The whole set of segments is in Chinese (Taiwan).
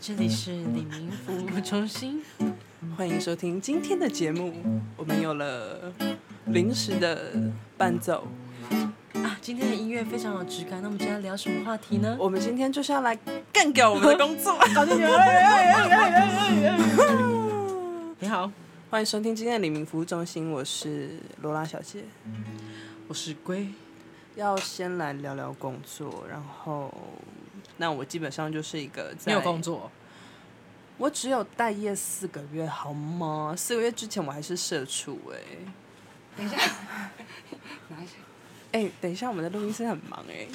這裡是李明服務中心，歡迎收聽今天的節目。我們有了臨時的伴奏啊，今天的音樂非常有質感。那我們今天聊什麼話題呢？我們今天就是要來幹掉我們的工作。 你好，歡迎收聽今天的李明服務中心，我是羅拉小姐，我是龜。要先來聊聊工作，然後。那我基本上就是一個在沒有工作，我只有待業四個月，好嗎？四個月之前我還是社畜哎、欸。等一下，哎 去、欸，等一下，我們的錄音師很忙哎、欸。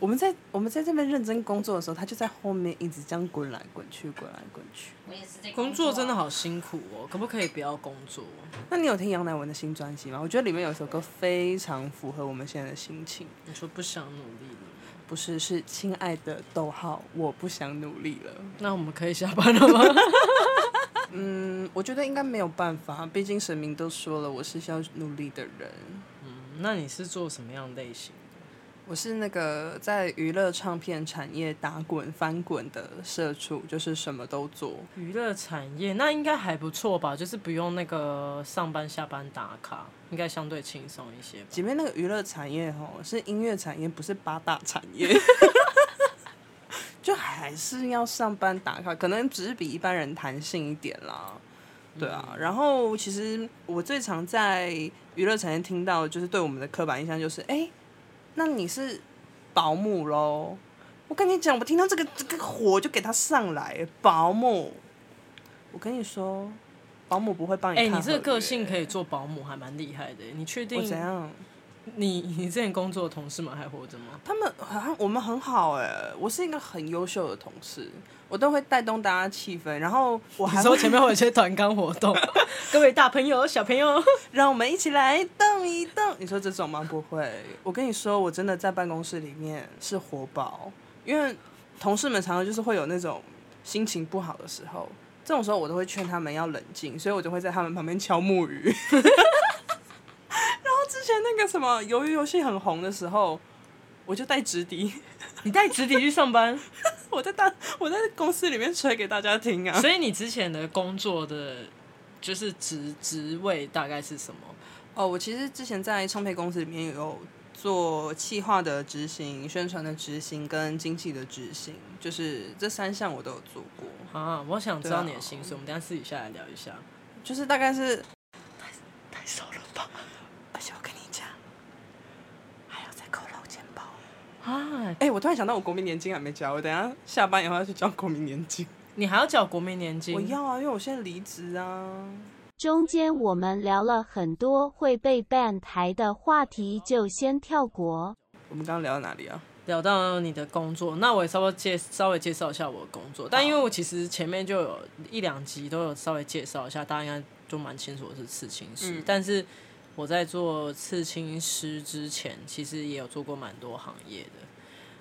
我們在我們在這邊認真工作的時候，他就在後面一直這樣滾來滾去，滾來滾去。工作，工作真的好辛苦哦。可不可以不要工作？那你有聽楊乃文的新專輯嗎？我覺得裡面有一首歌非常符合我們現在的心情。你說不想努力嗎？不是，是親愛的，逗號，我不想努力了。那我們可以下班了嗎？ 嗯，我覺得應該沒有辦法，畢竟神明都說了，我是需要努力的人。嗯，那你是做什麼樣的類型？我是那個在娛樂唱片產業打滾翻滾的社畜，就是什麼都做。娛樂產業，那應該還不錯吧？就是不用那個上班下班打卡，應該相對輕鬆一些。前面那個娛樂產業吼是音樂產業，不是八大產業， 就還是要上班打卡，可能只是比一般人彈性一點啦。對啊，嗯、然後其實我最常在娛樂產業聽到的，就是對我們的刻板印象就是哎。欸那你是保姆咯？我跟你講，我聽到這個這個火就給他上來、欸，保姆。我跟你說，保姆不會幫你看。哎、欸，你這個個性可以做保姆，還蠻厲害的、欸。你確定？我怎樣？你你之前工作的同事們還活着嗎？他們好像我們很好哎、欸,我是一個很優秀的同事，我都會帶動大家氣氛。然後我還說前面會有些團康活動， 各位大朋友小朋友，讓我們一起來動一動。你說這種嗎？不會，我跟你說，我真的在辦公室裡面是活寶，因為同事們常常就是會有那種心情不好的時候，這種時候我都會勸他們要冷靜，所以我就會在他們旁邊敲木魚。 之前那個什麼《魷魚遊戲》很紅的時候，我就帶直笛。你帶直笛去上班？ 我在大我在公司裡面吹給大家聽啊。所以你之前的工作的，就是職職位大概是什麼？哦，我其實之前在唱片公司裡面有做企劃的執行、宣傳的執行跟經紀的執行，就是這三項我都有做過啊。我想知道你的薪水，啊、我們等一下私底下來聊一下。就是大概是。啊！哎、欸，我突然想到，我國民年金還沒交，我等下下班以後要去交國民年金。你還要交國民年金？我要啊，因為我現在離職啊。中間我們聊了很多會被辦台的話題，就先跳過。好我們剛剛聊到哪裡啊？聊到你的工作，那我也稍微介稍微介紹一下我的工作。但因為我其實前面就有一兩集都有稍微介紹一下，大家應該都蠻清楚的是事情是，嗯、但是。我在做刺青師之前，其實也有做過蠻多行業的。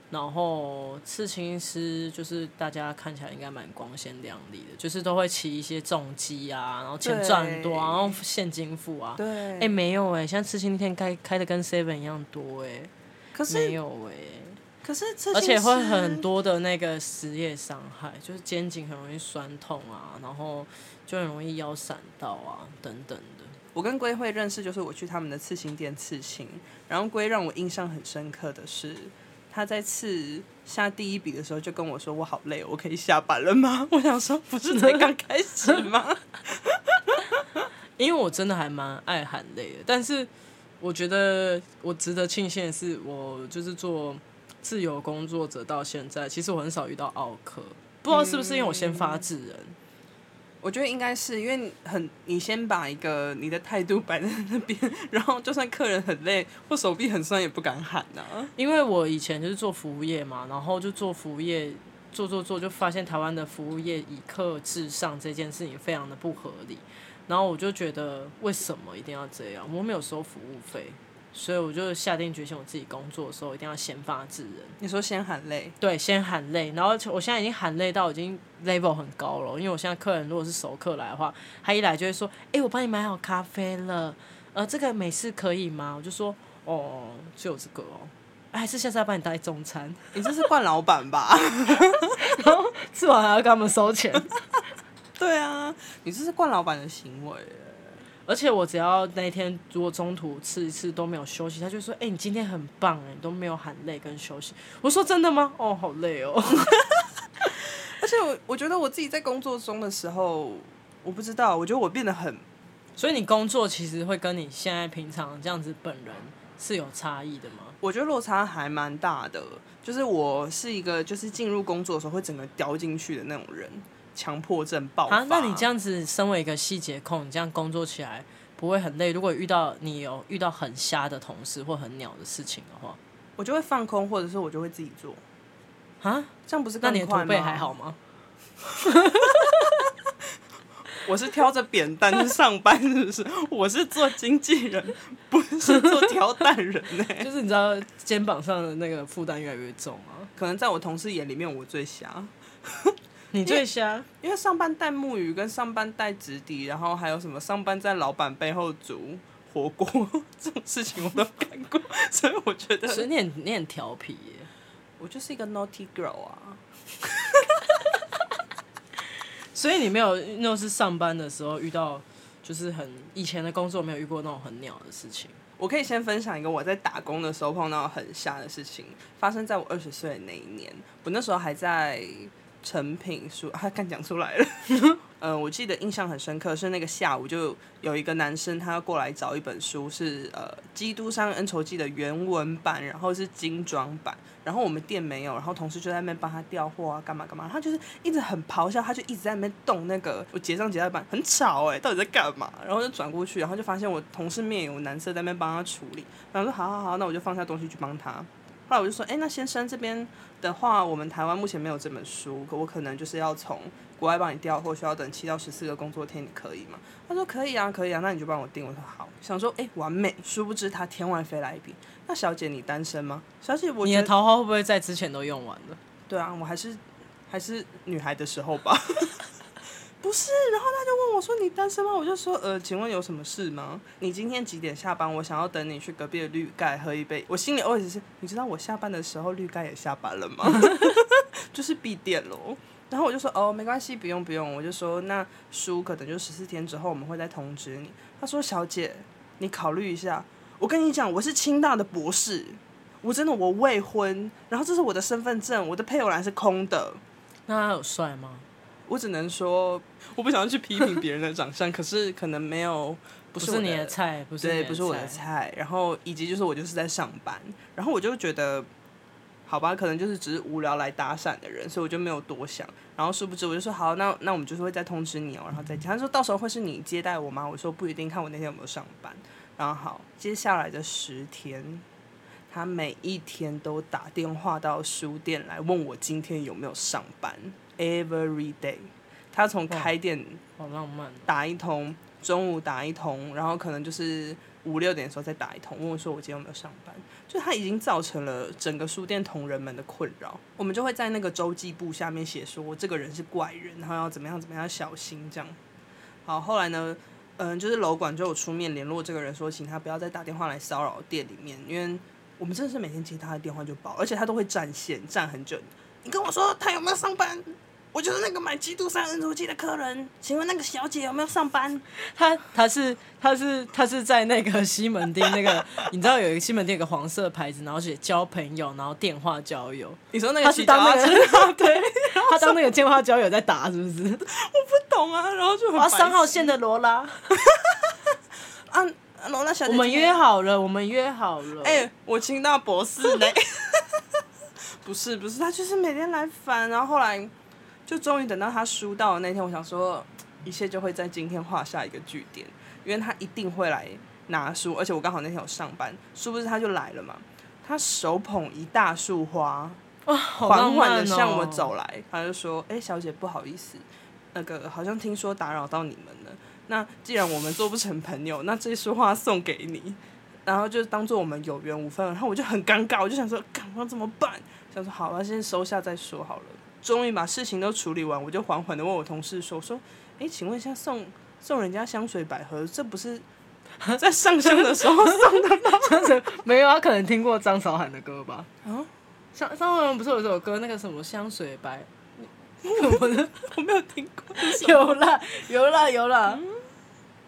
然後刺青師就是大家看起來應該蠻光鮮亮麗的，就是都會騎一些重機啊，然後錢賺很多、啊，然後現金付啊。對。哎、欸，沒有哎、欸，像刺青店開開的跟 seven 一樣多哎、欸。可是沒有哎、欸，可是而且會很多的那個職業傷害，就是肩頸很容易痠痛啊，然後就很容易腰閃到啊，等等的。我跟龜會認識，就是我去他們的刺青店刺青，然後龜讓我印象很深刻的是，他在刺下第一筆的時候就跟我說：“我好累，我可以下班了嗎？”我想說，不是才剛開始嗎？ 因為我真的還蠻愛喊累的，但是我覺得我值得慶幸的是，我就是做自由工作者到現在，其實我很少遇到奧客，不知道是不是因為我先發制人。嗯我覺得應該是因為很，你先把一個你的態度擺在那邊，然後就算客人很累或手臂很酸也不敢喊吶、啊。因為我以前就是做服務業嘛，然後就做服務業，做做做就發現台灣的服務業以客至上這件事情非常的不合理，然後我就覺得為什麼一定要這樣？我沒有收服務費。所以我就下定決心，我自己工作的時候一定要先發制人。你說先喊累？對，先喊累。然後我現在已經喊累到已經 level 很高了，嗯、因為我現在客人如果是熟客來的話，他一來就會說：“哎、欸，我幫你買好咖啡了，呃，這個美式可以嗎？”我就說：“哦，就這個哦。”還是下次要幫你帶中餐？你這是慣老板吧？ 然後吃完還要跟他們收錢。 對啊，你這是慣老板的行為。而且我只要那天，如果中途吃一次，次都沒有休息，他就說：“哎、欸，你今天很棒，哎，你都沒有喊累跟休息。”我說：“真的嗎？哦，好累哦。 ”而且我我覺得我自己在工作中的時候，我不知道，我覺得我變得很……所以你工作其實會跟你現在平常這樣子本人是有差異的嗎？我覺得落差還蠻大的，就是我是一個就是進入工作的時候會整個掉進去的那種人。強迫症爆發、啊。那你這樣子身為一個細節控，你這樣工作起來不會很累？如果遇到你有遇到很瞎的同事或很鳥的事情的話，我就會放空，或者是我就會自己做。啊，這樣不是更快嗎？那你的還好嗎？ 我是挑着扁擔去上班，是不是？我是做經紀人，不是做挑擔人呢、欸。就是你知道，肩膀上的那個負擔越來越重啊。可能在我同事眼裡面，我最瞎。 你最瞎因，因為上班帶木魚，跟上班帶直笛，然後還有什麼上班在老板背後煮火鍋 這種事情我都幹過，所以我覺得，所以你很你很調皮耶，我就是一個 naughty girl 啊， 所以你沒有，那是上班的時候遇到，就是很以前的工作沒有遇過那種很鳥的事情？我可以先分享一個我在打工的時候碰到很瞎的事情，發生在我二十歲的那一年，我那時候還在。成品書，他剛講出來了。嗯、 呃，我記得印象很深刻是那個下午，就有一個男生他要過來找一本書，是呃《基督山恩仇記》的原文版，然後是精裝版，然後我們店沒有，然後同事就在那邊幫他調貨啊，幹嘛幹嘛，他就是一直很咆哮，他就一直在那邊動那個，我結賬結到一半很吵誒、欸，到底在幹嘛？然後就轉過去，然後就發現我同事面有難色在那邊幫他處理，然後說好好好，那我就放下東西去幫他。後來我就說，哎、欸，那先生這邊的話，我們台灣目前沒有這本書，可我可能就是要從國外幫你調貨，需要等七到十四個工作天，你可以嗎？他說可以啊，可以啊，那你就幫我訂。我說好，想說哎、欸，完美。殊不知他天外飛來一筆，那小姐你單身嗎？小姐，我你的桃花會不會在之前都用完了？對啊，我還是還是女孩的時候吧。 不是，然後他就問我說：“你單身嗎？”我就說：“呃，請問有什麼事嗎？你今天幾點下班？我想要等你去隔壁的綠蓋喝一杯。”我心裡，哦，你知道我下班的時候綠蓋也下班了嗎？ 就是閉店囉。然後我就說：“哦，沒關係，不用不用。”我就說：“那書可能就十四天之後我們會再通知你。”他說：“小姐，你考慮一下。我跟你講，我是清大的博士，我真的我未婚。然後這是我的身份證，我的配偶欄是空的。那他有帥嗎？”我只能說，我不想要去批評別人的長相， 可是可能沒有不是，我不是你的菜，不是對，不是我的菜。然後以及就是我就是在上班，然後我就覺得，好吧，可能就是只是無聊來搭訕的人，所以我就沒有多想。然後殊不知，我就說好，那那我們就是會再通知你哦，然後再講。他說到時候會是你接待我嗎？我說不一定，看我那天有沒有上班。然後好，接下來的十天，他每一天都打電話到書店來問我今天有沒有上班。Every day，他從開店打一通，好浪漫喔，中午打一通，然後可能就是五六點的時候再打一通，問我說我今天有沒有上班。就他已經造成了整個書店同仁們的困擾，我們就會在那個週記簿下面寫說這個人是怪人，然後要怎麼樣怎麼樣小心這樣。好，後來呢，嗯，就是樓管就有出面聯絡這個人說，請他不要再打電話來騷擾店裡面，因為我們真的是每天接他的電話就爆，而且他都會占線占很久。你跟我說他有沒有上班？我就是那個買基督山恩仇記的客人，請問那個小姐有沒有上班？她她是她是她是在那個西門町那個， 你知道有一個西門町有一個黃色牌子，然後寫交朋友，然後電話交友。你說那個？是當那個對，他當那個電話交友在打是不是？ 我不懂啊，然後就啊，三號線的羅拉， 啊羅拉小姐，我們約好了，我們約好了。哎、欸，我聽到博士嘞，是的 不是不是，他就是每天來煩，然後後來。就終於等到他書到了那天，我想說一切就會在今天畫下一個句點，因為他一定會來拿書，而且我剛好那天有上班，殊不知他就來了嘛？他手捧一大束花，緩緩、好浪漫喔、的向我走來，他就說：“哎、欸，小姐，不好意思，那個好像聽說打擾到你們了。那既然我們做不成朋友，那這束花送給你，然後就當做我們有緣無分。”然後我就很尷尬，我就想說：“趕快怎麼辦？”想說：“好了，先收下再說好了。”終於把事情都處理完，我就緩緩的問我同事說：“說，哎，請問一下，送送人家香水百合，這不是在上香的時候呵呵呵送的嗎？沒有啊，可能聽過張韶涵的歌吧。啊、嗯，張張韶涵不是有一首歌，那個什麼香水白？我我， 我沒有聽過 有。有啦有啦有啦、嗯欸，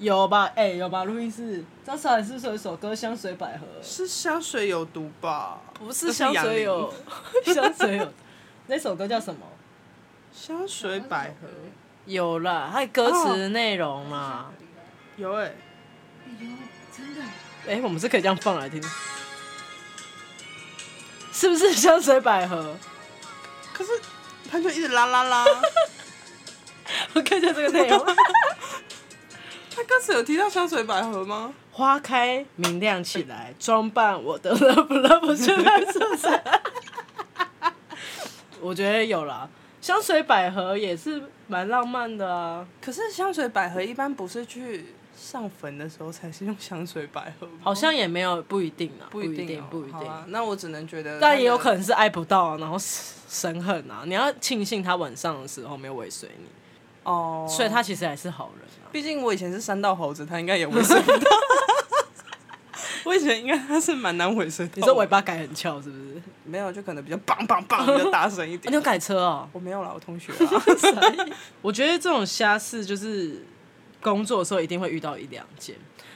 有吧？哎，有吧？錄音室，張韶涵是，不是有一首歌《香水百合》，是香水有毒吧？不是香水有香水有。” 那首歌叫什麼？香水百合。啊、有，它有，啊、了，還有歌詞內容嗎？有哎。有真的。哎，欸，我們是可以這樣放來聽。是不是香水百合？可是它就一直啦啦啦。 我看一下這個內容。 他歌詞有提到香水百合嗎？花開明亮起來，裝，欸、扮我的 love love 是不是？ 我覺得有啦，香水百合也是蠻浪漫的啊，可是香水百合一般不是去上墳的時候才是用香水百合嗎？好像也沒有，不一定啊，不一定，喔、不一定，不一定。啊、那我只能覺得、那個，但也有可能是愛不到、啊，然後生恨啊！你要慶幸他晚上的時候沒有尾隨你哦，oh, 所以他其實還是好人啊。畢竟我以前是山道猴子，他應該也尾隨不到。 我以前應該還是蠻難回聲，你說尾巴改很翹是不是？沒有，就可能比較梆梆梆的打大聲一點。哦，你要改車哦？我沒有啦，我同學啊。 意我覺得這種瞎事就是工作的時候一定會遇到一兩件，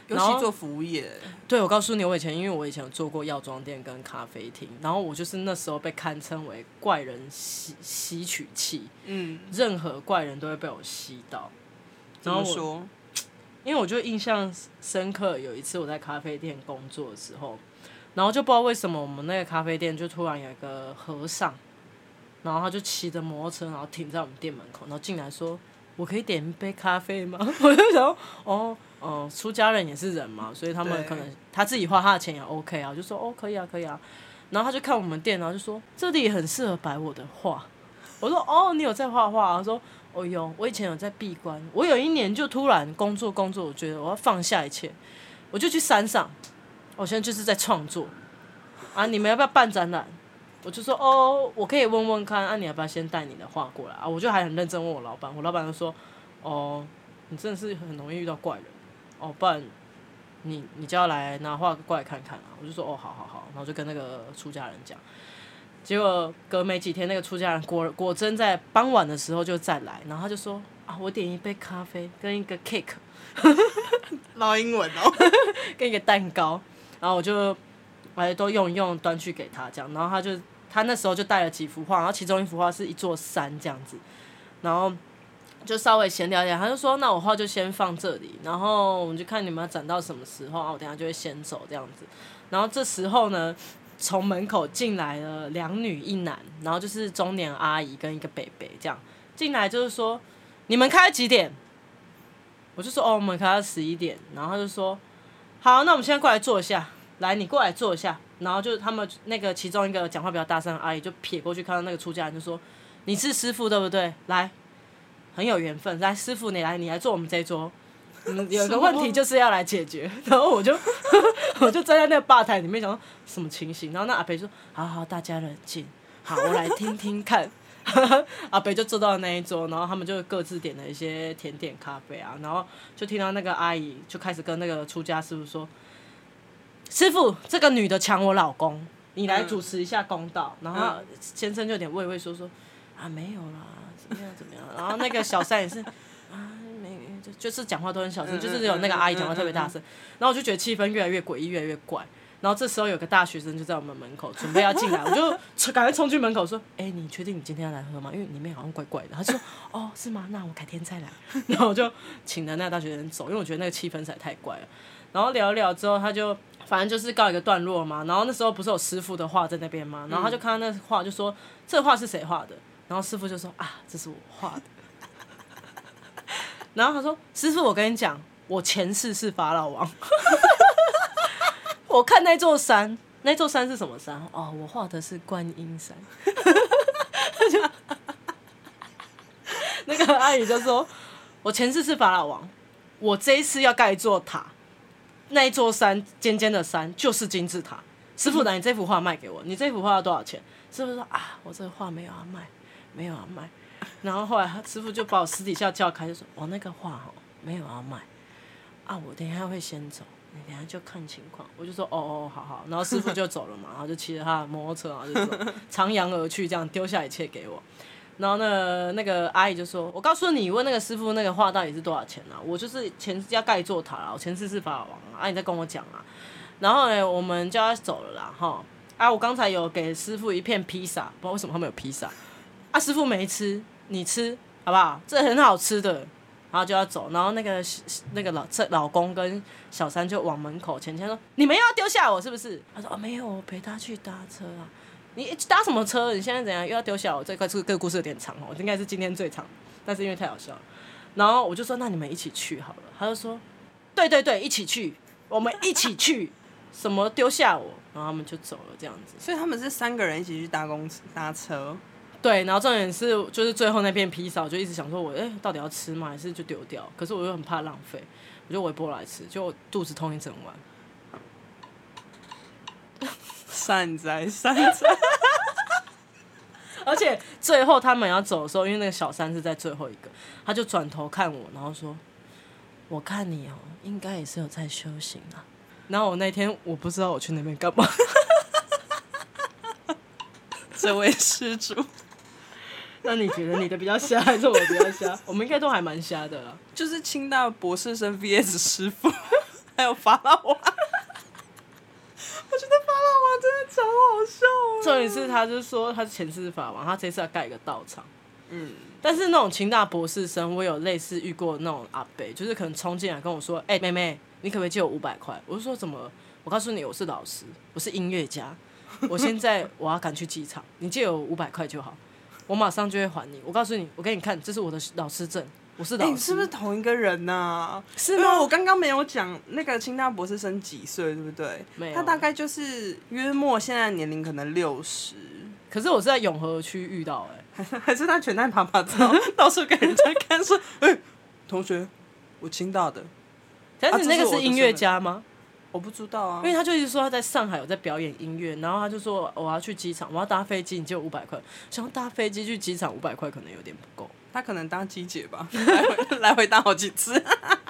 後尤其做服務業。對，我告訴你，我以前因為我以前有做過藥妝店跟咖啡廳，然後我就是那時候被堪稱為怪人吸吸取器。嗯，任何怪人都會被我吸到。怎麼說？因為我就印象深刻，有一次我在咖啡店工作的時候，然後就不知道為什麼我們那個咖啡店就突然有一個和尚，然後他就騎着摩托車，然後停在我們店門口，然後進來說：“我可以點一杯咖啡嗎？”我就想：“哦，哦、呃，出家人也是人嘛，所以他們可能他自己花他的錢也 OK 啊。”我就說：“哦，可以啊，可以啊。”然後他就看我們店，然後就說：“這裡很適合擺我的畫。”我說：“哦，你有在畫畫、啊？”他說。哦喲，我以前有在閉關。我有一年就突然工作工作，我覺得我要放下一切，我就去山上。我現在就是在創作啊。你們要不要辦展覽？我就說哦，我可以問問看。啊，你要不要先帶你的畫過來啊？我就還很認真問我老板，我老板就說哦，你真的是很容易遇到怪人哦。不然你你就要來拿畫過來看看啊。我就說哦，好好好。然後就跟那個出家人講。結果隔沒幾天，那個出家人果果真在傍晚的時候就再來，然後他就說：“啊，我點一杯咖啡跟一個 cake， 落英文哦，跟一個蛋糕。”然後我就，哎，都用一用，端去給他這樣。然後他就，他那時候就帶了幾幅畫，然後其中一幅畫是一座山這樣子。然後就稍微閒聊一下，他就說：“那我畫就先放這裡，然後我們就看你們要展到什麼時候啊？我等下就會先走這樣子。”然後這時候呢？從門口進來了兩女一男，然後就是中年阿姨跟一個北北這樣進來，就是說你們開了幾點？我就說哦，我們開到十一點。然後他就說好，那我們現在過來坐一下。來，你過來坐一下。然後就是他們那個其中一個講話比較大聲的阿姨就撇過去，看到那個出家人就說：“你是師父對不對？來，很有緣分。來，師父，你來，你來坐我們這一桌。”嗯、有個問題就是要來解決，麼然後我就 我就站在那個吧台裡面想說，想什麼情形？然後那阿培說：“好好，大家冷靜，好，我來聽聽看。 ”阿培就坐到了那一桌，然後他們就各自點了一些甜點、咖啡啊，然後就聽到那個阿姨就開始跟那個出家師傅說：“師傅，這個女的搶我老公，你來主持一下公道。嗯”然後先生就有點畏畏縮縮：“啊，沒有啦，怎麼樣？怎麼樣？”然後那個小三也是。就是講話都很小聲，就是有那個阿姨講話特別大聲，然後我就覺得氣氛越來越詭異，越來越怪。然後這時候有個大學生就在我們門口準備要進來，我就趕快衝進門口說：“哎、欸，你確定你今天要來喝嗎？因為裡面好像怪怪的。”他就說：“哦，是嗎？那我改天再來。”然後我就請了那個大學生走，因為我覺得那個氣氛實在太怪了。然後聊了聊之後，他就反正就是告一個段落嘛。然後那時候不是有師傅的畫在那邊嗎？然後他就看到那畫就說：“這個畫是誰畫的？”然後師傅就說：“啊，這是我畫的。”然後他說：“師傅，我跟你講，我前世是法老王。 我看那座山，那座山是什麼山？哦，我畫的是觀音山。那個阿姨就說：我前世是法老王，我這一次要蓋一座塔。那一座山尖尖的山就是金字塔。嗯、師傅，那你這幅畫賣給我，你這幅畫要多少錢？嗯、師傅說：啊，我這畫沒有要賣，沒有要賣。”然後後來，他師傅就把我私底下叫開，就說：“我那個畫哈、哦、沒有要賣啊，我等一下會先走，你等一下就看情況。”我就說：“哦哦，好好。”然後師傅就走了嘛，然後 就騎着他的摩托車啊，然後就說長揚而去，這樣丟下一切給我。然後呢、那個，那個阿姨就說：“我告訴你，問那個師傅那個畫到底是多少錢了、啊？我就是前要蓋座塔了，我前世是法王，阿姨在跟我講啊。”然後呢，我們就要走了啦，哈！啊，我剛才有給師傅一片披薩，不知道為什麼他們有披薩，啊，師傅沒吃。你吃好不好？這很好吃的。然後就要走，然後那個那個老這老公跟小三就往門口前前說：“你們又要丟下我是不是？”他說：“啊、哦，沒有，我陪他去搭車啊。你搭什麼車？你現在怎樣又要丟下我？這塊這個故事有點長哦，應該是今天最長，但是因為太好笑了。然後我就說：那你們一起去好了。他就說：對對對，一起去，我們一起去。 什麼丟下我？然後他們就走了這樣子。所以他們是三個人一起去搭公搭車。”對，然後重點是就是最後那片披薩，我就一直想說我，我哎，到底要吃嗎？還是就丟掉？可是我又很怕浪費，我就微波來吃，就肚子痛一整晚。善哉善哉。 而且最後他們要走的時候，因為那個小三是在最後一個，他就轉頭看我，然後說：“我看你哦、喔，應該也是有在修行啊。”然後我那天我不知道我去那邊幹嘛。 這位施主。 那，你覺得你的比較瞎還是我的比較瞎？ 我們應該都還蠻瞎的啦。就是清大博士生 VS 師傅，還有法老王。 我覺得法老王真的超好笑，啊。上一次，他就是說他是前世是法王，他這次要蓋一個道場。嗯，但是那種清大博士生，我有類似遇過那種阿北，就是可能衝進來跟我說：“哎，欸，妹妹，你可不可以借我五百塊？”我就說：“怎麼？我告訴你，我是老師，我是音樂家，我現在我要趕去機場， 你借我五百塊就好。”我馬上就會還你。我告訴你，我給你看，這是我的老師證，我是老師。欸、你是不是同一個人啊？是嗎？我剛剛沒有講那個清大博士生幾歲，對不對？沒有。他大概就是約莫現在年齡可能六十，可是我是在永和區遇到、欸，哎，還是他全台爬爬走， 到處給人家看說，哎、 欸，同學，我清大的。小姐，那個是音樂家嗎？啊 我不知道啊，因為他就一直說他在上海有在表演音樂，然後他就說，我要去機場，我要搭飛機，你借我五百塊。想要搭飛機去機場，五百塊可能有點不夠，他可能搭機姐吧， 來回來回搭好幾次，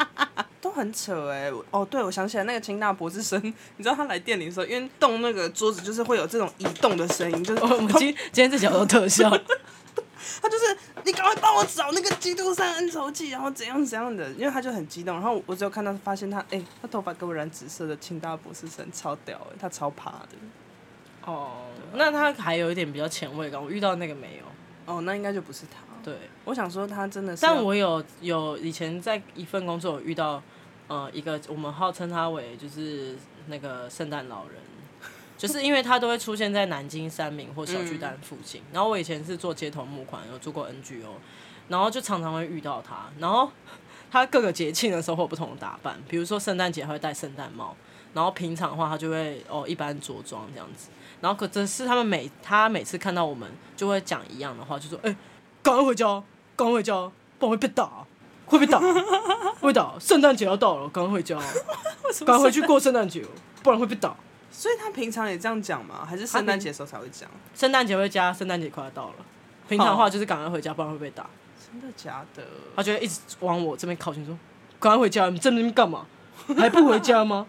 都很扯哎、欸，哦對，我想起來那個清大博士生，你知道他來店裡的時候，因為動那個桌子就是會有這種移動的聲音，就是、哦、我們今天今天這節目特效， 他就是。你趕快幫我找那個基督山恩仇記，然後怎樣怎樣的，因為他就很激動。然後我只有看到發現他，哎、欸，他頭髮給我染紫色的，清大博士生，超屌、欸、他超趴的。哦、oh, 吧，那他還有一點比較前衛感，我遇到那個沒有？哦，oh, 那應該就不是他。對，我想說他真的是，是。但我有有以前在一份工作有遇到，呃，一個我們號稱他為就是那個聖誕老人。就是因為他都會出現在南京三民或小巨蛋附近，嗯、然後我以前是做街頭募款，有做過 NGO，然後就常常會遇到他，然後他各個節慶的時候會有不同的打扮，比如說聖誕節他會戴聖誕帽，然後平常的話他就會哦一般着裝這樣子，然後可真是他們每他每次看到我們就會講一樣的話，就說哎，趕、欸、快回家，趕快回家，不然會被打，會被打， 會打，聖誕節要到了，趕快回家，趕快 回去過聖誕節， 不然會被打。所以他平常也這樣講嗎？還是聖誕節的時候才會講？聖誕節會加，聖誕節快要到了，平常的話就是趕快回家，不然會被打。Oh. 真的假的？他就會一直往我這邊靠近，說：“趕快回家，你在那邊幹嘛？還不回家嗎？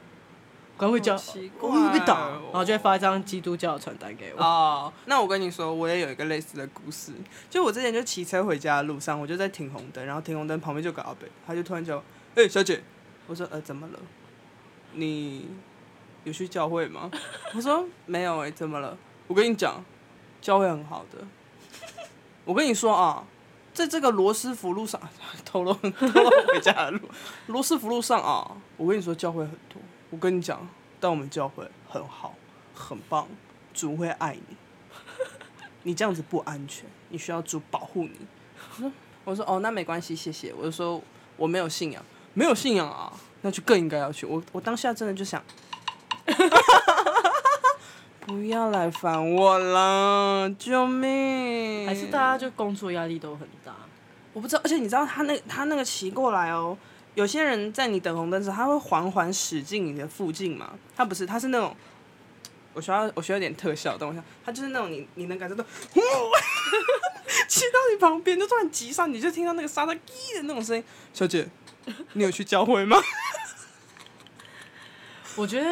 趕 快回家，會、哦嗯、被打。”然後就會發一張基督教的傳單給我。哦，oh. 那我跟你說，我也有一個類似的故事。就我之前就騎車回家的路上，我就在停紅燈，然後停紅燈旁邊就搞阿北，他就突然就：欸「哎，小姐。”我說：“呃，怎麼了？你？”有去教會嗎？他說沒有誒、欸，怎麼了？我跟你講，教會很好的。我跟你說啊，在這個羅斯福路上，透露透露回家的路，羅斯福路上啊，我跟你說教會很多。我跟你講，但我們教會很好，很棒，主會愛你。你這樣子不安全，你需要主保護你。我說，我說哦，那沒關係，謝謝。我就說我沒有信仰，沒有信仰啊，那就更應該要去。我我當下真的就想。 不要來煩我了，救命！還是大家就工作壓力都很大。我不知道，而且你知道他那他那個騎過來哦，有些人在你等紅燈時，他會緩緩駛進你的附近嘛，他不是，他是那種我需要我需要點特效，等我一下，他就是那種你你能感受到，騎 到你旁邊就算你急剎，你就聽到那個剎車“滴”的那種聲音。小姐，你有去教會嗎？ 我覺得。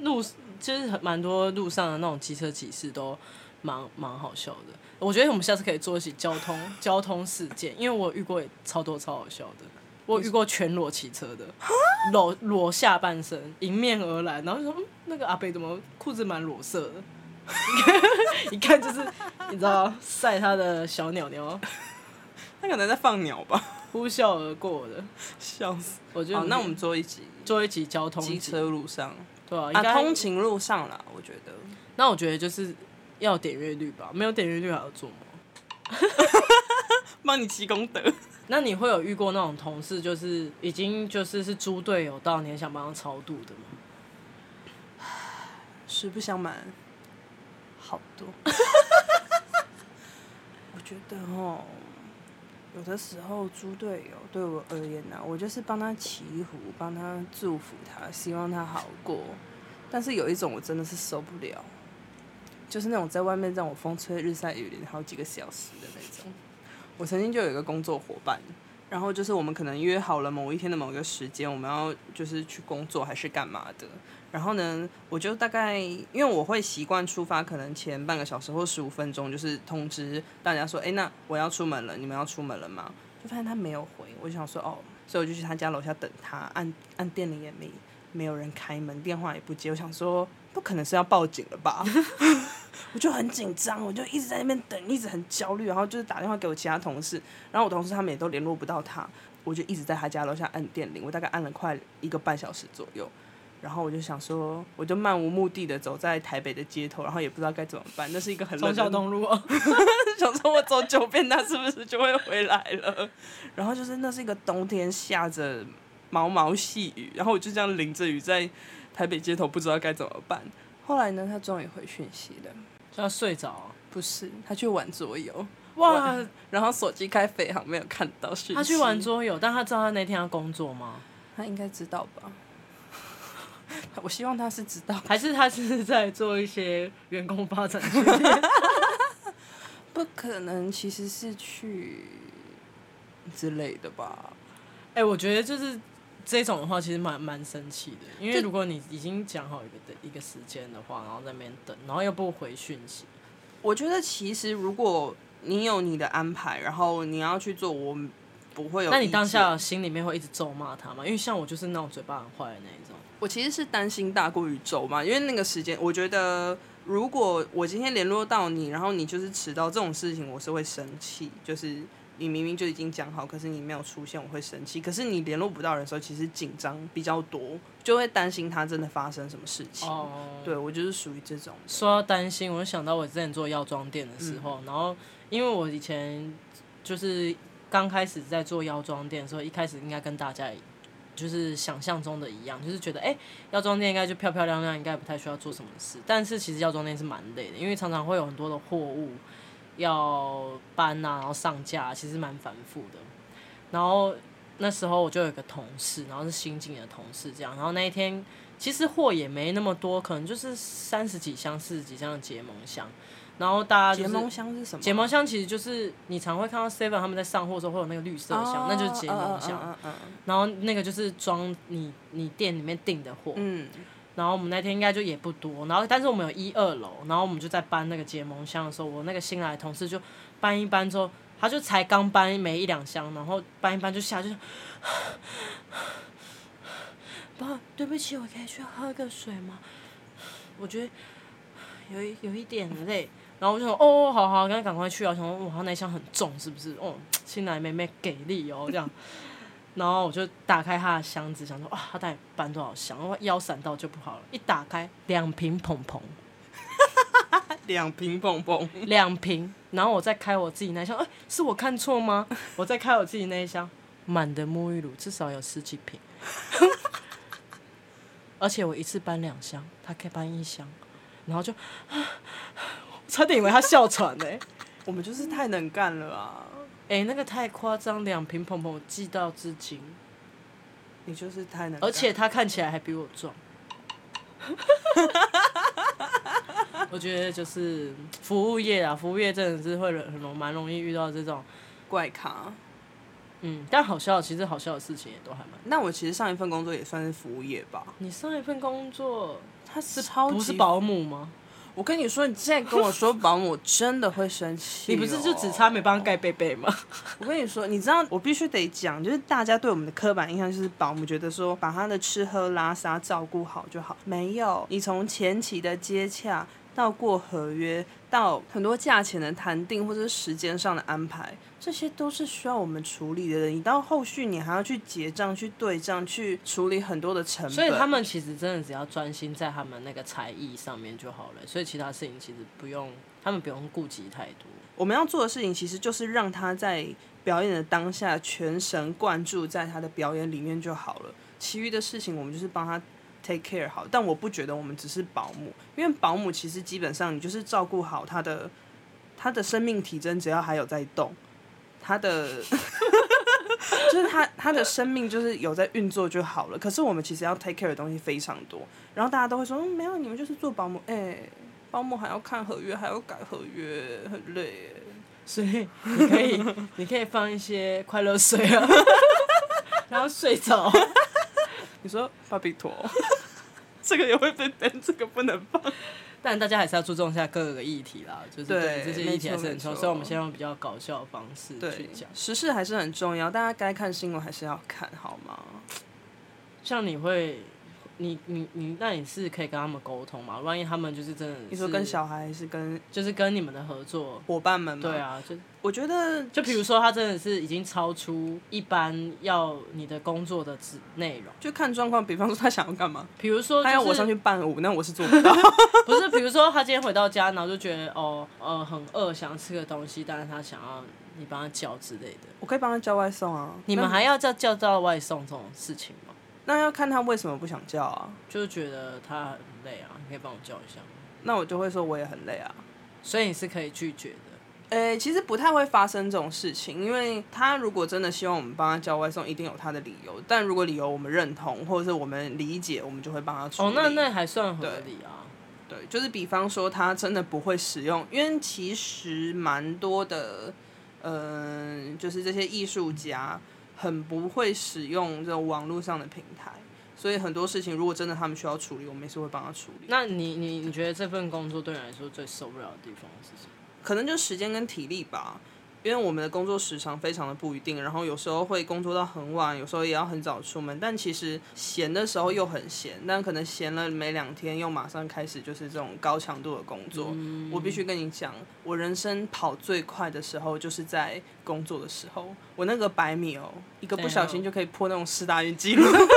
路其實、就是、很蠻多路上的那種機車騎士都蠻蠻好笑的。我覺得我們下次可以做一集交通交通事件，因為我遇過也超多超好笑的。我遇過全裸騎車的，裸裸下半身迎面而來，然後就說那個阿北怎麼褲子蠻裸色的， 一看就是你知道曬他的小鳥鳥，他可能在放鳥吧。呼嘯而過的，笑死！我覺得那我們做一集做一集交通機車路上。對啊，啊該通勤路上啦，我覺得。那我覺得就是要點閱率吧，沒有點閱率還要做嗎？幫 你積功德。那你會有遇過那種同事，就是已經就是是豬隊友到，你還想幫他超度的嗎？實不相瞞，好多。 我覺得哦。有的時候，豬隊友對我而言呢、啊，我就是幫他祈福，幫他祝福他，希望他好過。但是有一種，我真的是受不了，就是那種在外面讓我風吹日曬雨淋好幾個小時的那種。我曾經就有一個工作伙伴。然後就是我們可能約好了某一天的某個時間，我們要就是去工作還是幹嘛的。然後呢，我就大概因為我會習慣出發，可能前半個小時或十五分鐘就是通知大家說，哎，那我要出門了，你們要出門了嗎？就發現他沒有回，我就想說，哦，所以我就去他家樓下等他，按按電鈴也沒沒有人開門，電話也不接，我想說，不可能是要報警了吧？ 我就很緊張，我就一直在那邊等，一直很焦慮，然後就是打電話給我其他同事，然後我同事他們也都聯絡不到他，我就一直在他家樓下按電鈴，我大概按了快一個半小時左右，然後我就想說，我就漫無目的的走在台北的街頭，然後也不知道該怎麼辦，那是一個很冷的忠孝東路哦， 想說我走九遍，他是不是就會回來了？ 然後就是那是一個冬天下着毛毛細雨，然後我就這樣淋着雨在台北街頭，不知道該怎麼辦。後來呢？他終於回訊息了。他睡着、啊？不是，他去玩桌遊。哇！然後手機開飛行，沒有看到訊息。他去玩桌遊，但他知道他那天要工作嗎？他應該知道吧。 我希望他是知道，還是他是在做一些員工發展？ 不可能，其實是去之類的吧。哎、欸，我覺得就是。這種的話其實蠻蠻生氣的，因為如果你已經講好一個一個時間的話，然後在那邊等，然後又不回訊息，我覺得其實如果你有你的安排，然後你要去做，我不會有。那你當下心裡面會一直咒罵他嗎？因為像我就是那種嘴巴很壞的那一種。我其實是擔心大過於咒罵，因為那個時間，我覺得如果我今天聯絡到你，然後你就是遲到這種事情，我是會生氣，就是。你明明就已經講好，可是你沒有出現，我會生氣。可是你聯絡不到人的時候，其實緊張比較多，就會擔心它真的發生什麼事情。哦、oh，對我就是屬於這種。說到擔心，我就想到我之前做藥妝店的時候，嗯、然後因爲我以前就是剛開始在做藥妝店的時候，一開始應該跟大家就是想象中的一樣，就是覺得哎，藥妝店應該就漂漂亮亮，應該不太需要做什麼事。但是其實藥妝店是蠻累的，因為常常會有很多的貨物。要搬啊，然後上架，其實蠻繁複的。然後那時候我就有個同事，然後是新進的同事這樣。然後那一天其實貨也沒那麼多，可能就是三十幾箱、四十幾箱的結盟箱。然後大家、就是、結盟箱是什麼？結盟箱其實就是你常會看到 Seven 他們在上貨的時候會有那個綠色的箱，oh, 那就是結盟箱。Uh, uh, uh, uh, uh. 然後那個就是裝你你店裡面訂的貨。嗯。然後我們那天應該就也不多，然後但是我們有一二樓，然後我們就在搬那個睫毛箱的時候，我那個新來的同事就搬一搬之後，他就才剛搬沒一,一兩箱，然後搬一搬就下就說，爸對不起，我可以去喝個水嗎？我覺得有有一點累，然後我就說哦好好，趕緊趕快去啊！我想哇那一箱很重是不是？哦，新來妹妹給力哦這樣。然後我就打開他的箱子，想說啊，他到底搬多少箱？然後腰閃到就不好了。一打開兩瓶澎澎，兩 瓶澎澎，兩瓶。然後我再開我自己那一箱，哎、欸，是我看錯嗎？ 我再開我自己那一箱，滿的沐浴乳至少有十幾瓶。 而且我一次搬兩箱，他可以搬一箱，然後就、啊、我差點以為他哮喘呢、欸， 我們就是太能幹了啊。哎、欸，那個太誇張，兩瓶蓬蓬寄到至今，你就是太難。而且他看起來還比我壯，我覺得就是服務業啊，服務業真的是會很容蠻容易遇到這種怪咖卡。嗯，但好笑，其實好笑的事情也都還蠻。那我其實上一份工作也算是服務業吧。你上一份工作他是超級不是保姆嗎？我跟你說，你現在跟我說保姆， 真的會生氣哦。你不是就只差沒幫蓋被被嗎？我跟你說，你知道，我必須得講，就是大家對我們的刻板印象就是保姆，覺得說把他的吃喝拉撒照顧好就好。沒有，你從前期的接洽到過合約。到很多價錢的談定，或者是時間上的安排，這些都是需要我們處理的人。你到後續你還要去結賬、去對賬、去處理很多的成本。所以他們其實真的只要專心在他們那個才藝上面就好了。所以其他事情其實不用，他們不用顧及太多。我們要做的事情其實就是讓他在表演的當下全神貫注在他的表演裡面就好了。其餘的事情我們就是幫他。Take care 好，但我不覺得我們只是保姆，因為保姆其實基本上你就是照顧好他的他的生命體徵，只要還有在動，他的 就是他他的生命就是有在運作就好了。可是我們其實要 take care 的東西非常多，然後大家都會說，沒有你們就是做保姆，哎、欸，保姆還要看合約，還要改合約，很累，所以你可以 你可以放一些快樂水啊， 然後睡着。 你說芭比托這個也會被 ban 這個不能放。但大家還是要注重一下各個議題啦，就是對對這些議題還是很重要。沒錯沒錯所以我們先用比較搞笑的方式去講，時事還是很重要，大家該看新聞還是要看，好嗎？像你會。你你你，那你是可以跟他們溝通嘛？萬一他們就是真的是，你說跟小孩是跟，就是跟你們的合作夥伴們嗎？對啊，就我覺得，就比如說他真的是已經超出一般要你的工作的內容，就看狀況。比方說他想要幹嘛？比如說、就是、他要我上去伴舞，那我是做不到。 不是，比如說他今天回到家，然後就覺得哦呃很餓，想要吃個東西，但是他想要你幫他叫之類的，我可以幫他叫外送啊。你們還要叫叫到外送這種事情嗎？那要看他為什麼不想叫啊，就是覺得他很累啊，你可以幫我叫一下嗎？那我就會說，我也很累啊，所以你是可以拒絕的。誒、欸，其實不太會發生這種事情，因為他如果真的希望我們幫他叫外送，一定有他的理由。但如果理由我們認同或者是我們理解，我們就會幫他處理。哦，那那還算合理啊，對。對，就是比方說他真的不會使用，因為其實蠻多的，嗯、呃，就是這些藝術家。很不會使用這種網絡上的平台，所以很多事情如果真的他們需要處理，我們是會幫他處理。那你你你覺得這份工作對你來說最受不了的地方是什麼？可能就時間跟體力吧。因為我們的工作時長非常的不一定，然後有時候會工作到很晚，有時候也要很早出門。但其實閒的時候又很閒，但可能閒了沒兩天，又馬上開始就是這種高強度的工作。嗯、我必須跟你講，我人生跑最快的時候就是在工作的時候。我那個百米哦，一個不小心就可以破那種四大運記錄。哦、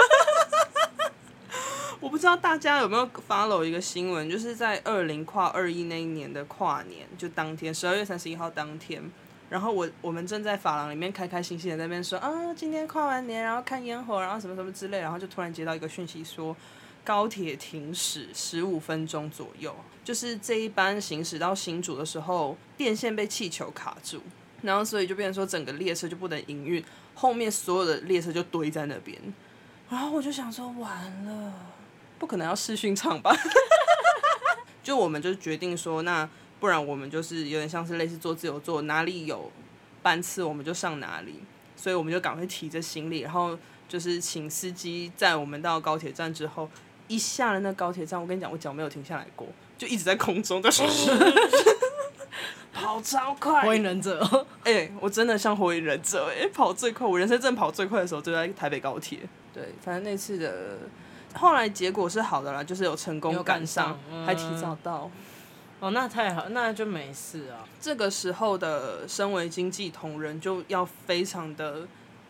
我不知道大家有沒有 follow 一個新聞，就是在二零跨二一那一年的跨年就當天，十二月三十一號當天。然後我我們正在髮廊裡面開開心心的那邊說啊，今天跨完年，然後看煙火，然後什麼什麼之類，然後就突然接到一個訊息說高鐵停駛十五分鐘左右，就是這一班行駛到新竹的時候，電線被氣球卡住，然後所以就變成說整個列車就不能營運，後面所有的列車就堆在那邊，然後我就想說完了，不可能要視訊場吧？ 就我們就決定說那。不然我們就是有點像是類似坐自由座，哪裡有班次我們就上哪裡，所以我們就趕快提着行李，然後就是請司機在我們到高鐵站之後一下了那高鐵站。我跟你講，我腳沒有停下來過，就一直在空中在 跑超快。火影忍者，哎、欸，我真的像火影忍者，哎、欸，跑最快，我人生正跑最快的時候就在台北高鐵。對，反正那次的後來結果是好的啦，就是有成功趕上，有還提早到。哦，那太好，那就沒事啊。這個時候的，身為經紀同仁，就要非常的，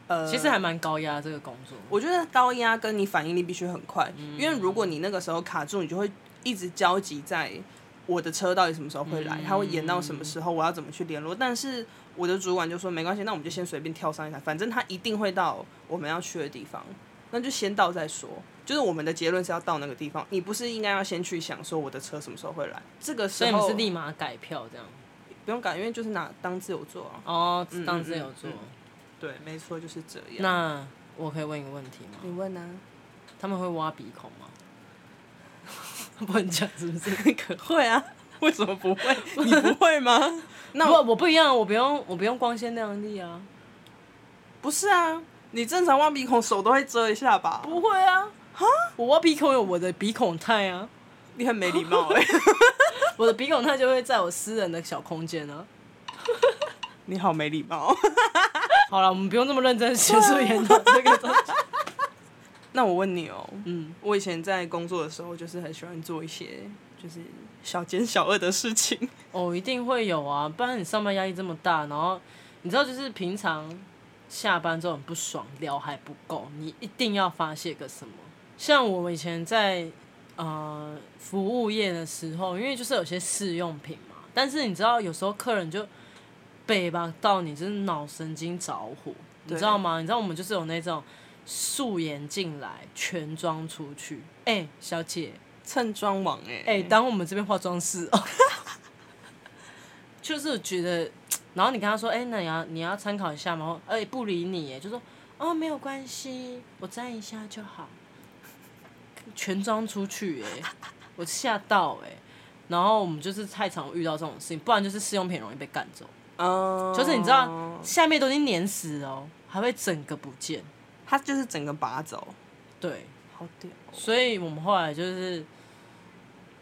呃，其實還蠻高壓這個工作。我覺得高壓跟你反應力必須很快，嗯、因為如果你那個時候卡住，你就會一直焦急在我的車到底什麼時候會來，嗯、他會延到什麼時候，我要怎麼去聯絡。嗯、但是我的主管就說沒關係，那我們就先隨便跳上一台，反正他一定會到我們要去的地方，那就先到再說。就是我們的結論是要到那個地方，你不是應該要先去想說我的車什麼時候會來？這個時候，所以你是立馬改票，這樣？不用改，因為就是拿當自由座哦，哦，當自由座，對，沒錯，就是這樣。那我可以問一個問題嗎？你問啊？他們會挖鼻孔嗎？不能講是不是？可 會啊？為什麼不會？ 你不會嗎？ 那我不我不一樣，我不用我不用光鮮亮麗啊，不是啊？你正常挖鼻孔手都會遮一下吧？不會啊？哈！Huh? 我挖鼻孔有我的鼻孔太啊，你很沒禮貌哎！我的鼻孔太、啊欸、 就會在我私人的小空間啊， 你好沒禮貌！ 好了，我們不用這麼認真嚴肅研討這個東西。 那我問你哦、喔，嗯，我以前在工作的時候，就是很喜歡做一些就是小奸小惡的事情。哦 ，oh, 一定會有啊，不然你上班壓力這麼大，然後你知道就是平常下班之後很不爽，聊還不夠，你一定要發洩個什麼？像我們以前在呃服務業的時候，因為就是有些試用品嘛，但是你知道有時候客人就，被吧到你就是腦神經着火，對你知道嗎？你知道我們就是有那種素顏進來全妝出去，哎、欸，小姐，蹭妝網哎、欸，哎、欸，當我們這邊化妝師哦， 就是覺得，然後你跟他說，哎、欸，那你要你要參考一下嗎，哎、欸，不理你、欸，就說，哦，沒有關係，我站一下就好。全裝出去哎、欸，我嚇到哎、欸，然後我們就是太常遇到這種事情，不然就是試用品容易被幹走，uh、就是你知道下面都已經黏死哦，還會整個不見，它就是整個拔走，對，好屌、喔，所以我們後來就是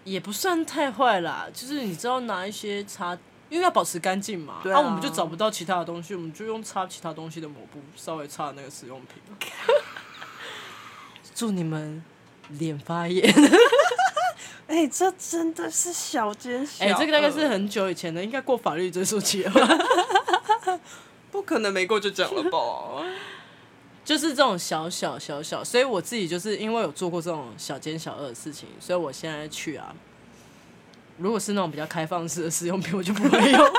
也不算太壞啦，就是你知道拿一些擦，因為要保持乾淨嘛，那、啊啊、我們就找不到其他的東西，我們就用擦其他東西的抹布稍微擦那個試用品，Okay. 祝你們。臉發炎，哎，這真的是小奸小惡。哎、欸，這個大概是很久以前的，應該過法律追訴期了吧？ 不可能沒過就講了吧？ 就是這種小小小小，所以我自己就是因為有做過這種小奸小惡的事情，所以我現在去啊。如果是那種比較開放式的試用品，我就不會用。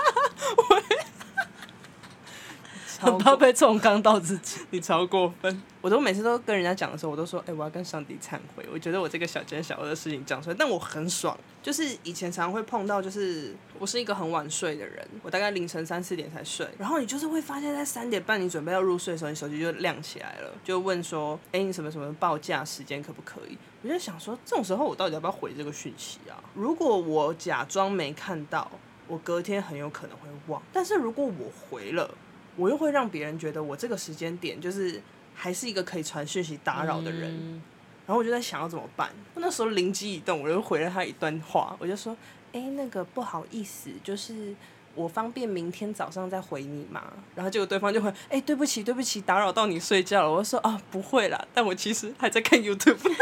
我怕被重剛到自己，你超過分！我都每次都跟人家講的時候，我都說：“哎，我要跟上帝懺悔。”我覺得我這個小奸小惡的事情講出來，但我很爽。就是以前常常會碰到，就是我是一個很晚睡的人，我大概凌晨三四點才睡。然後你就是會發現，在三點半你準備要入睡的時候，你手機就亮起來了，就問說：“哎，你什麼什麼報價時間可不可以？”我就想說，這種時候我到底要不要回這個訊息啊？如果我假裝沒看到，我隔天很有可能會忘。但是如果我回了，我又會讓別人覺得我這個時間點就是還是一個可以傳訊息打擾的人，嗯、然後我就在想要怎麼辦。那時候靈機一動，我就回了他一段話，我就說：“哎，那個不好意思，就是我方便明天早上再回你嘛。”然後結果對方就會：“哎，對不起，對不起，打擾到你睡覺了。”我就說：“啊，不會啦，但我其實還在看 YouTube。”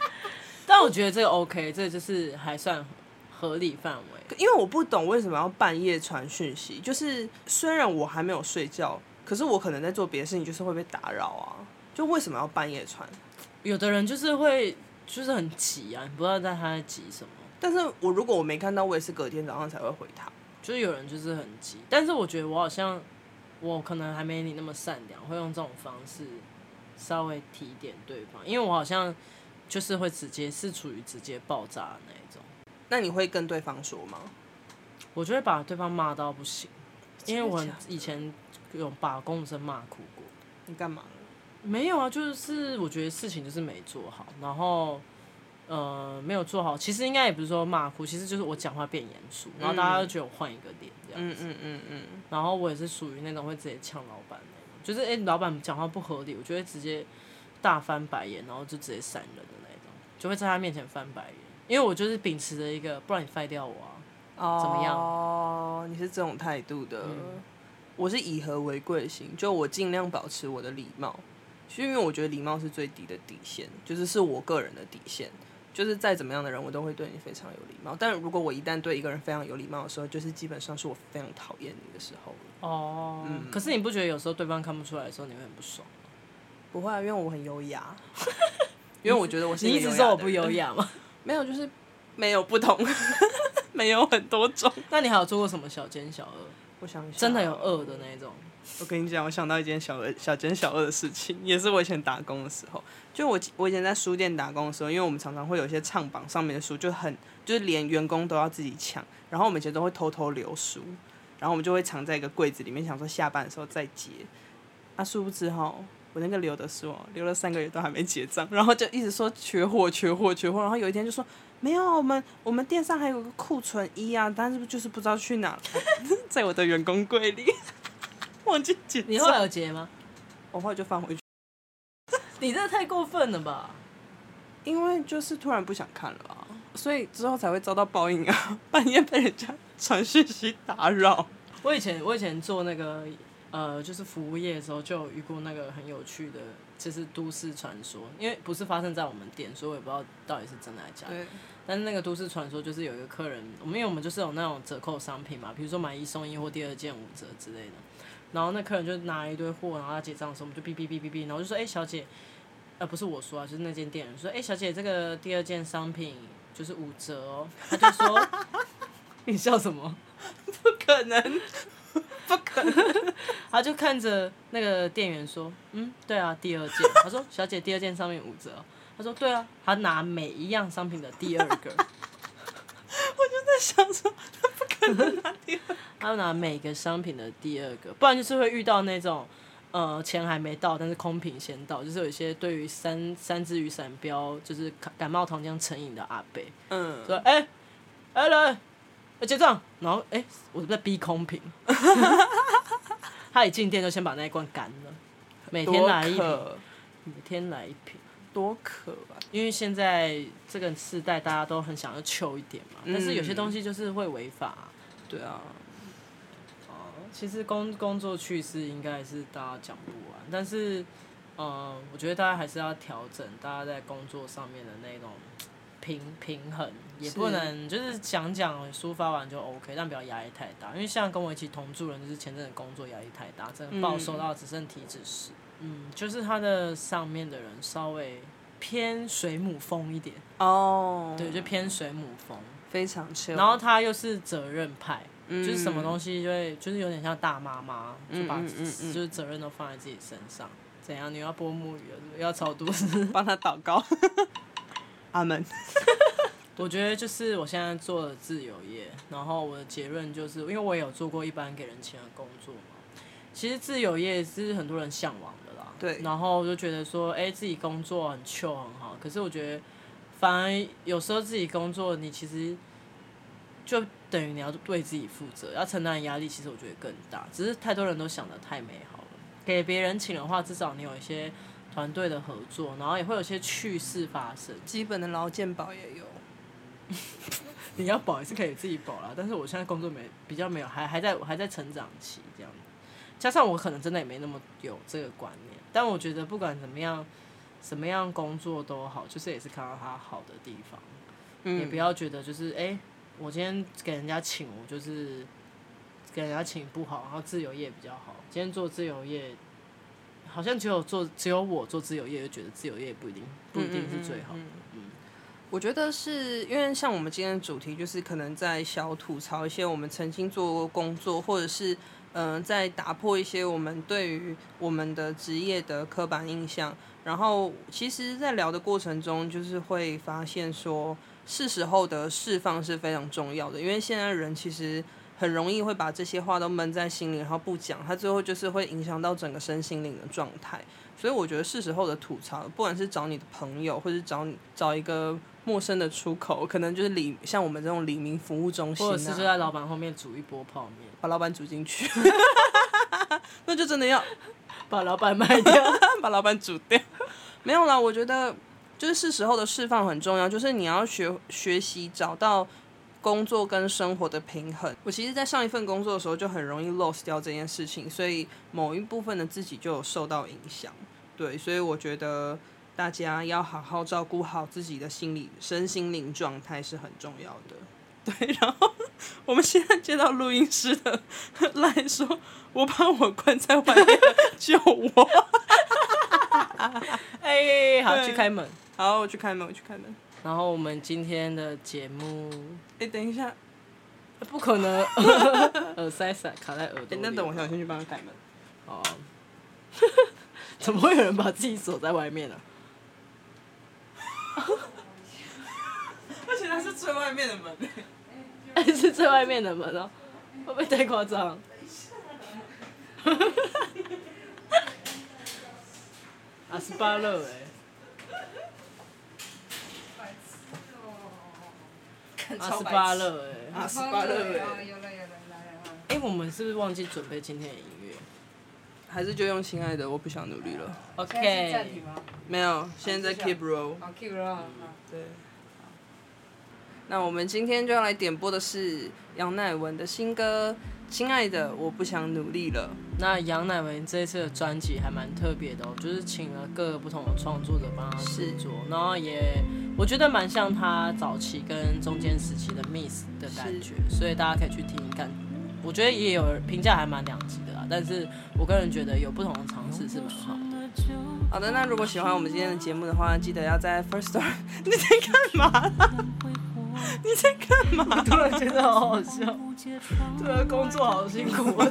但我覺得這個 OK，這個就是還算。合理範圍，因為我不懂為什麼要半夜傳訊息。就是雖然我還沒有睡覺，可是我可能在做別的事情，就是會被打擾啊。就為什麼要半夜傳？有的人就是會，就是很急啊，你不知道在他在急什麼。但是我如果我沒看到，我也是隔天早上才會回他。就是有人就是很急，但是我覺得我好像我可能還沒你那麼善良，會用這種方式稍微提點對方，因為我好像就是會直接是處於直接爆炸的那一種。那你會跟對方說嗎？我就會把對方罵到不行，因為我以前有把工頭罵哭過。你幹嘛呢？沒有啊，就是我覺得事情就是沒做好，然後呃沒有做好，其實應該也不是說罵哭，其實就是我講話變嚴肅，然後大家都覺得我換一個臉這樣子。嗯嗯嗯，嗯，嗯然後我也是屬於那種會直接嗆老闆那種，就是哎、欸、老闆講話不合理，我就會直接大翻白眼，然後就直接閃人的那種，就會在他面前翻白眼。因為我就是秉持着一個，不然你廢掉我啊，oh, 怎麼樣？你是這種態度的？嗯、我是以和為貴型，就我盡量保持我的禮貌，是因為我覺得禮貌是最低的底線，就是是我個人的底線，就是再怎麼樣的人，我都會對你非常有禮貌。但如果我一旦對一個人非常有禮貌的時候，就是基本上是我非常討厭你的時候了。哦、oh, 嗯，可是你不覺得有時候對方看不出來的時候，你會很不爽？不會啊，因為我很優雅。 因為我覺得我是一 你，你一直說我不優雅嗎？沒有，就是沒有不同， 沒有很多種。 那你還有做過什麼小奸小惡？我想真的有惡的那種。我跟你講，我想到一件小惡、小奸小惡的事情，也是我以前打工的時候。就我我以前在書店打工的時候，因為我們常常會有一些暢銷榜上面的書，就很就是連員工都要自己搶，然後我們以前都會偷偷留書，然後我們就會藏在一個櫃子裡面，想說下班的時候再結。啊，殊不知哈。我那個留的是我，留了三個月都還沒結賬，然後就一直說缺貨、缺貨、缺貨，然後有一天就說沒有，我們我們店上還有個庫存一啊，但是不就是不知道去哪了， 在我的員工櫃裡忘記結，你後來有結嗎？我後來就放回去。你這太過分了吧？因為就是突然不想看了啊，所以之後才會遭到報應啊！半夜被人家傳訊息打擾。我以前我以前做那個。呃，就是服務業的時候，就有遇過那個很有趣的，就是都市傳說。因為不是發生在我們店，所以我也不知道到底是真的還對是假的。但那個都市傳說就是有一個客人，我們因為我們就是有那種折扣商品嘛，比如說買一送一或第二件五折之類的。然後那客人就拿一堆貨，然後他結賬的時候，我們就嗶嗶嗶嗶嗶，然後就說：“哎、欸，小姐，呃，不是我說啊，就是那間店說，哎、欸，小姐，這個第二件商品就是五折哦。”他就說：“ 你笑什麼？ 不可能。” 不可能！ 他就看着那個店員說：“嗯，對啊，第二件。”他說：“小姐，第二件上面五折。”他說：“對啊，他拿每一樣商品的第二個。” 我就在想說，他不可能拿第二個。 他拿每個商品的第二個，不然就是會遇到那種呃，錢還沒到，但是空瓶先到。就是有一些對於三三支雨傘標就是感冒糖漿成癮的阿伯，嗯，說：“哎、欸，哎、欸、來。”結帳，然後哎、欸，我在逼空瓶， 他一進店就先把那一罐乾了，每天來一瓶，可每天來一瓶，多可啊！因為現在這個時代大家都很想要抽一點嘛，嗯、但是有些東西就是會違法，嗯、對啊。嗯、其實工工作趣事應該是大家講不完，但是呃，我覺得大家還是要調整大家在工作上面的那種。平平衡也不能就是講講抒發完就 OK，是但不要壓力太大，因為像跟我一起同住人就是前陣子工作壓力太大，真的暴瘦到只剩體脂時，嗯，嗯，就是他的上面的人稍微偏水母風一點哦，oh, 對，就偏水母風，非常，然後他又是責任派，就是什麼東西就會就是有點像大媽媽，就把、嗯嗯嗯、就是責任都放在自己身上，怎樣你要播木魚又要超度，幫他禱告。 阿門。 我覺得就是我現在做的自由業，然後我的結論就是，因為我也有做過一般給人錢的工作嘛。其實自由業是很多人向往的啦。對。然後我就覺得說，哎、欸，自己工作很酷很好。可是我覺得，反而有時候自己工作，你其實就等於你要對自己負責，要承擔的壓力，其實我覺得更大。只是太多人都想得太美好了。給別人請的話，至少你有一些，團隊的合作，然後也會有些趣事發生。基本的勞健保也有， 你要保也是可以自己保啦。但是我現在工作沒比較沒有，還還在我還在成長期這樣子。加上我可能真的也沒那麼有這個觀念，但我覺得不管怎麼樣，什麼樣工作都好，就是也是看到它好的地方。嗯。也不要覺得就是哎、欸，我今天給人家請，我就是給人家請不好，然後自由業比較好。今天做自由業。好像只有做只有我做自由業，就覺得自由業不一定不一定是最好的。嗯，嗯，嗯，嗯，嗯我覺得是因為像我們今天的主題，就是可能在小吐槽一些我們曾經做過工作，或者是嗯、呃，在打破一些我們對於我們的職業的刻板印象。然後，其實，在聊的過程中，就是會發現說，是時候的釋放是非常重要的，因為現在人其實。很容易會把這些話都悶在心裡，然後不講，他最後就是會影響到整個身心靈的狀態。所以我覺得是時候的吐槽，不管是找你的朋友，或是找找一個陌生的出口，可能就是裡像我們這種黎明服務中心啊，或者是在老闆後面煮一波泡麵，把老闆煮進去， 那就真的要把老闆賣掉， 把老闆煮掉。 沒有啦，我覺得就是是時候的釋放很重要，就是你要學學習找到。工作跟生活的平衡，我其實，在上一份工作的時候就很容易 lose 掉這件事情，所以某一部分的自己就有受到影響。對，所以我覺得大家要好好照顧好自己的心理、身心靈狀態是很重要的。對，然後我們現在接到錄音師的來說，我把我關在外面， 救我！ 哎，好，對去開門，好，我去開門，我去開門。然後我們今天的節目，哎，等一下，不可能， 耳塞塞卡在耳朵裡。那等我，我想先去幫他開門。哦好、啊， 怎麼會有人把自己鎖在外面呢、啊？ 而且那是最外面的門。哎、 欸，是最外面的門哦、啊，會不會太誇張？阿斯、 啊、巴勒。誒。阿斯巴勒，阿斯巴勒，哎，有了有了，來了哎，我們是不是忘記準備今天的音樂？還是就用《親愛的，我不想努力了》？OK。暫停嗎？沒有，現在 Keep Roll。好 Keep Roll，對。那我們今天就要來點播的是楊乃文的新歌。親愛的，我不想努力了。那楊乃文這一次的專輯還蠻特別的哦，就是請了各個不同的創作者幫他製作，是然後也我覺得蠻像他早期跟中間時期的 Miss 的感覺，是所以大家可以去聽一看。我覺得也有評價還蠻兩極的啊，但是我個人覺得有不同的嘗試是蠻好的。好的，那如果喜歡我們今天的節目的話，記得要在 Firstory。 你在幹嘛？你在幹嘛？我突然覺得好好笑，突然 工作好辛苦，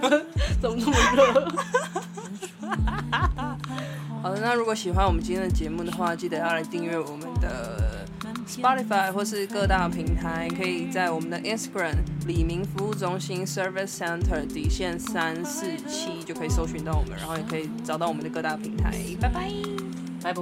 怎麼那麼熱？ 好的，那如果喜歡我們今天的節目的話，記得要來訂閱我們的 Spotify 或是各大平台，可以在我們的 Instagram、嗯、李明服務中心 Service Center 底線三四七就可以搜尋到我們，然後也可以找到我們的各大平台。拜拜，拜拜。